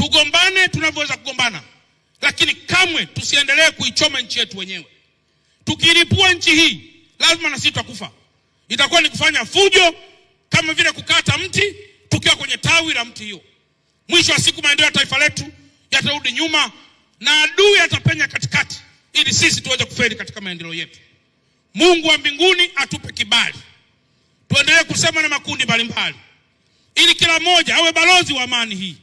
Tugombane tunavyoweza kugombana, lakini kamwe tusiendelee kuichoma nchi yetu wenyewe. Tukilipua nchi hii, lazima na sisi tutakufa. Itakuwa ni kufanya fujo kama vile kukata mti tukiwa kwenye tawi la mti hiyo. Mwisho wa siku, maendeleo ya taifa letu yatarudi nyuma na adui atapenya katikati, ili sisi tuweze kufeli katika maendeleo yetu. Mungu wa mbinguni atupe kibali, tuendelee kusema na makundi mbalimbali, ili kila mmoja awe balozi wa amani hii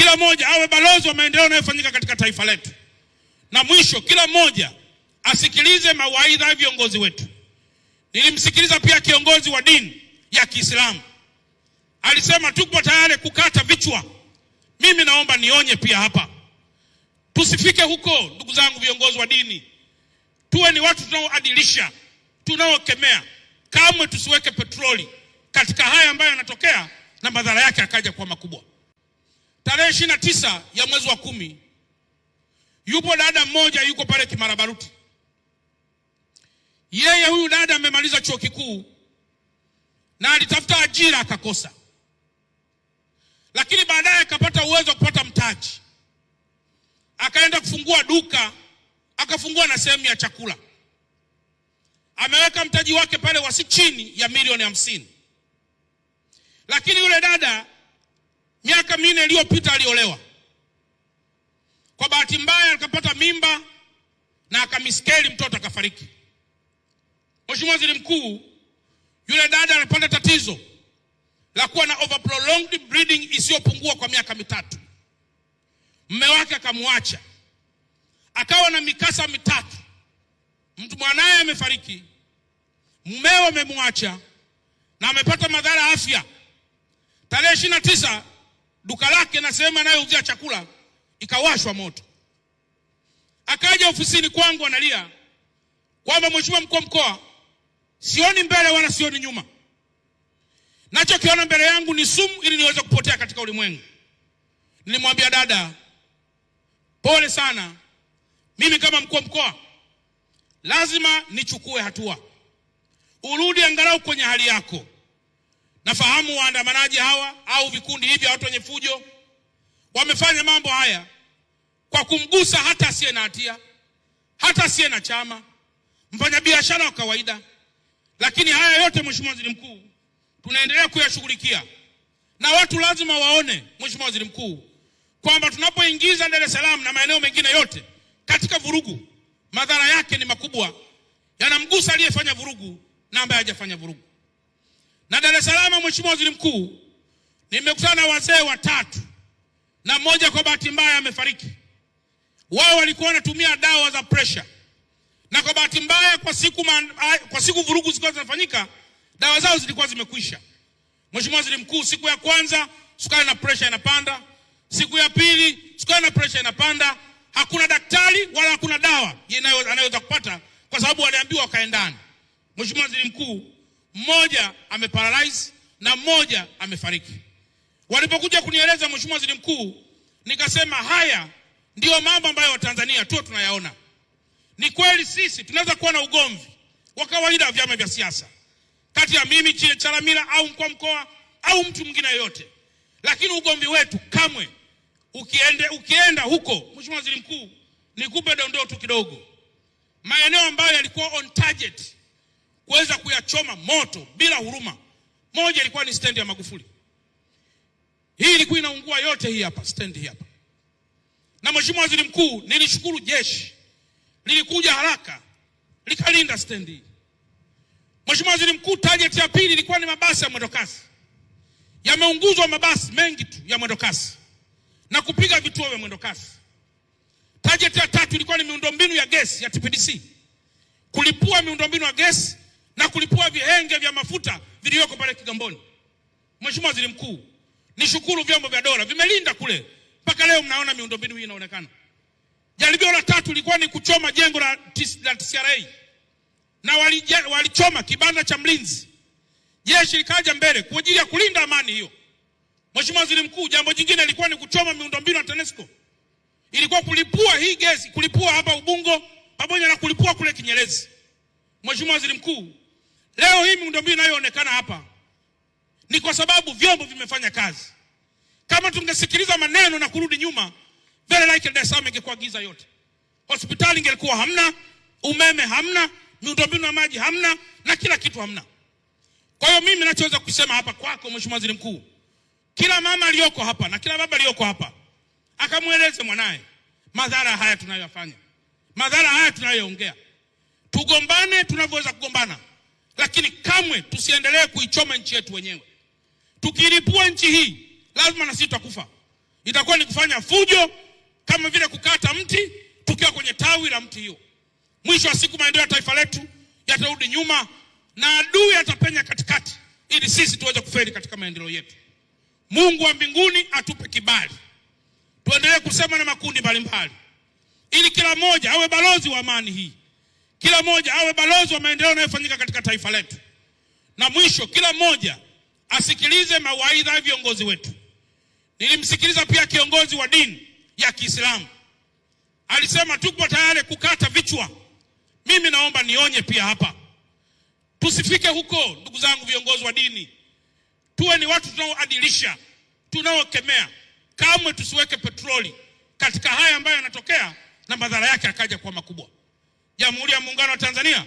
kila mmoja awe balozi wa maendeleo yanayofanyika katika taifa letu. Na mwisho, kila mmoja asikilize mawaidha ya viongozi wetu. Nilimsikiliza pia kiongozi wa dini ya Kiislamu, alisema tuko tayari kukata vichwa. Mimi naomba nionye pia hapa, tusifike huko, ndugu zangu viongozi wa dini. Tuwe ni watu tunaoadilisha, tunaokemea. Kamwe tusiweke petroli katika haya ambayo yanatokea na madhara yake akaja kuwa makubwa. Tarehe ishirini na tisa ya mwezi wa kumi yupo dada mmoja yuko pale Kimarabaruti. Yeye huyu dada amemaliza chuo kikuu na alitafuta ajira akakosa, lakini baadaye akapata uwezo wa kupata mtaji, akaenda kufungua duka, akafungua na sehemu ya chakula. Ameweka mtaji wake pale wasi chini ya milioni hamsini, lakini yule dada Miaka minne iliyopita aliolewa, kwa bahati mbaya akapata mimba na akamiskeli mtoto akafariki. Mheshimiwa Waziri Mkuu, yule dada alipata tatizo la kuwa na overprolonged isiyopungua kwa miaka mitatu. Mme wake akamwacha, akawa na mikasa mitatu. Mtu mwanaye amefariki, mmeo amemwacha na amepata madhara afya. Tarehe ishirini na tisa duka lake na sehemu anayouzia chakula ikawashwa moto. Akaja ofisini kwangu analia kwamba mheshimiwa mkuu wa mkoa, sioni mbele wala sioni nyuma, nachokiona mbele yangu ni sumu ili niweze kupotea katika ulimwengu. Nilimwambia dada, pole sana, mimi kama mkuu wa mkoa lazima nichukue hatua, urudi angalau kwenye hali yako. Nafahamu waandamanaji hawa au vikundi hivi, watu wenye fujo, wamefanya mambo haya kwa kumgusa hata asiye na hatia, hata asiye na chama, mfanyabiashara wa kawaida. Lakini haya yote, Mheshimiwa Waziri Mkuu, tunaendelea kuyashughulikia na watu lazima waone, Mheshimiwa Waziri Mkuu, kwamba tunapoingiza Dar es Salaam na maeneo mengine yote katika vurugu, madhara yake ni makubwa, yanamgusa aliyefanya vurugu na ambaye hajafanya vurugu. Na Dar es Salaam, Mheshimiwa Waziri Mkuu, nimekutana na wazee watatu na mmoja kwa bahati mbaya amefariki. Wao walikuwa wanatumia dawa za pressure, na kwa bahati mbaya kwa siku man, kwa siku vurugu zilikuwa zinafanyika, dawa zao zilikuwa zimekwisha. Mheshimiwa Waziri Mkuu, siku ya kwanza sukari na pressure inapanda, siku ya pili sukari na pressure inapanda, hakuna daktari wala hakuna dawa anayoweza kupata, kwa sababu waliambiwa wakae Mheshimiwa Waziri Mkuu, mmoja ameparalyze na mmoja amefariki. Walipokuja kunieleza Mheshimiwa Waziri Mkuu, nikasema haya ndiyo mambo ambayo Watanzania tu tunayaona. Ni kweli sisi tunaweza kuwa na ugomvi wa kawaida wa vyama vya siasa kati ya mimi Chile Chalamila au mkuu wa mkoa au mtu mwingine yoyote, lakini ugomvi wetu kamwe ukiende, ukienda huko. Mheshimiwa Waziri Mkuu, nikupe dondoo tu kidogo, maeneo ambayo yalikuwa on target kuweza kuyachoma moto bila huruma. Moja ilikuwa ni stendi ya Magufuli, hii ilikuwa inaungua yote, hii hapa stendi hii hapa. Na Mheshimiwa Waziri Mkuu, nilishukuru jeshi lilikuja haraka likalinda stendi hii. Mheshimiwa Waziri Mkuu, target ya pili ilikuwa ni mabasi ya mwendokasi. Yameunguzwa mabasi mengi tu ya mwendokasi na kupiga vituo vya mwendokasi. Target ya tatu ilikuwa ni miundombinu ya gesi ya TPDC, kulipua miundombinu ya gesi na kulipua vihenge vya mafuta vilivyoko pale Kigamboni. Mheshimiwa Waziri Mkuu, nishukuru vyombo vya dola vimelinda kule mpaka leo, mnaona miundombinu hii inaonekana. Jaribio la tatu lilikuwa ni kuchoma jengo la, la TCRA na walichoma wali kibanda cha mlinzi, jeshi likaja mbele kwa ajili ya kulinda amani hiyo. Mheshimiwa Waziri Mkuu, jambo jingine lilikuwa ni kuchoma miundombinu ya TANESCO, ilikuwa kulipua hii gesi, kulipua hapa Ubungo pamoja na kulipua kule Kinyerezi. Mheshimiwa Waziri Mkuu, Leo hii miundombinu inayoonekana hapa ni kwa sababu vyombo vimefanya kazi. Kama tungesikiliza maneno na kurudi nyuma, very likely Dar es Salaam ingekuwa giza yote. Hospitali ingelikuwa hamna, umeme hamna, miundombinu ya maji hamna, na kila kitu hamna. Kwa hiyo mimi ninachoweza kusema hapa kwako, Mheshimiwa Waziri Mkuu, kila mama aliyoko hapa na kila baba aliyoko hapa akamweleze mwanaye madhara haya tunayoyafanya, madhara haya tunayoongea. Tugombane tunavyoweza kugombana lakini kamwe tusiendelee kuichoma nchi yetu wenyewe. Tukilipua nchi hii lazima na sisi tutakufa. Itakuwa ni kufanya fujo kama vile kukata mti tukiwa kwenye tawi la mti hiyo. Mwisho wa siku maendeleo ya taifa letu yatarudi nyuma na adui atapenya katikati ili sisi tuweze kufeli katika maendeleo yetu. Mungu wa mbinguni atupe kibali tuendelee kusema na makundi mbalimbali, ili kila mmoja awe balozi wa amani hii. Kila mmoja awe balozi wa maendeleo yanayofanyika katika taifa letu. Na mwisho, kila mmoja asikilize mawaidha ya viongozi wetu. Nilimsikiliza pia kiongozi wa dini ya Kiislamu, alisema tuko tayari kukata vichwa. Mimi naomba nionye pia hapa, tusifike huko. Ndugu zangu, viongozi wa dini, tuwe ni watu tunaoadilisha, tunaokemea. Kamwe tusiweke petroli katika haya ambayo yanatokea na madhara yake akaja kuwa makubwa. Jamhuri ya Muungano wa Tanzania.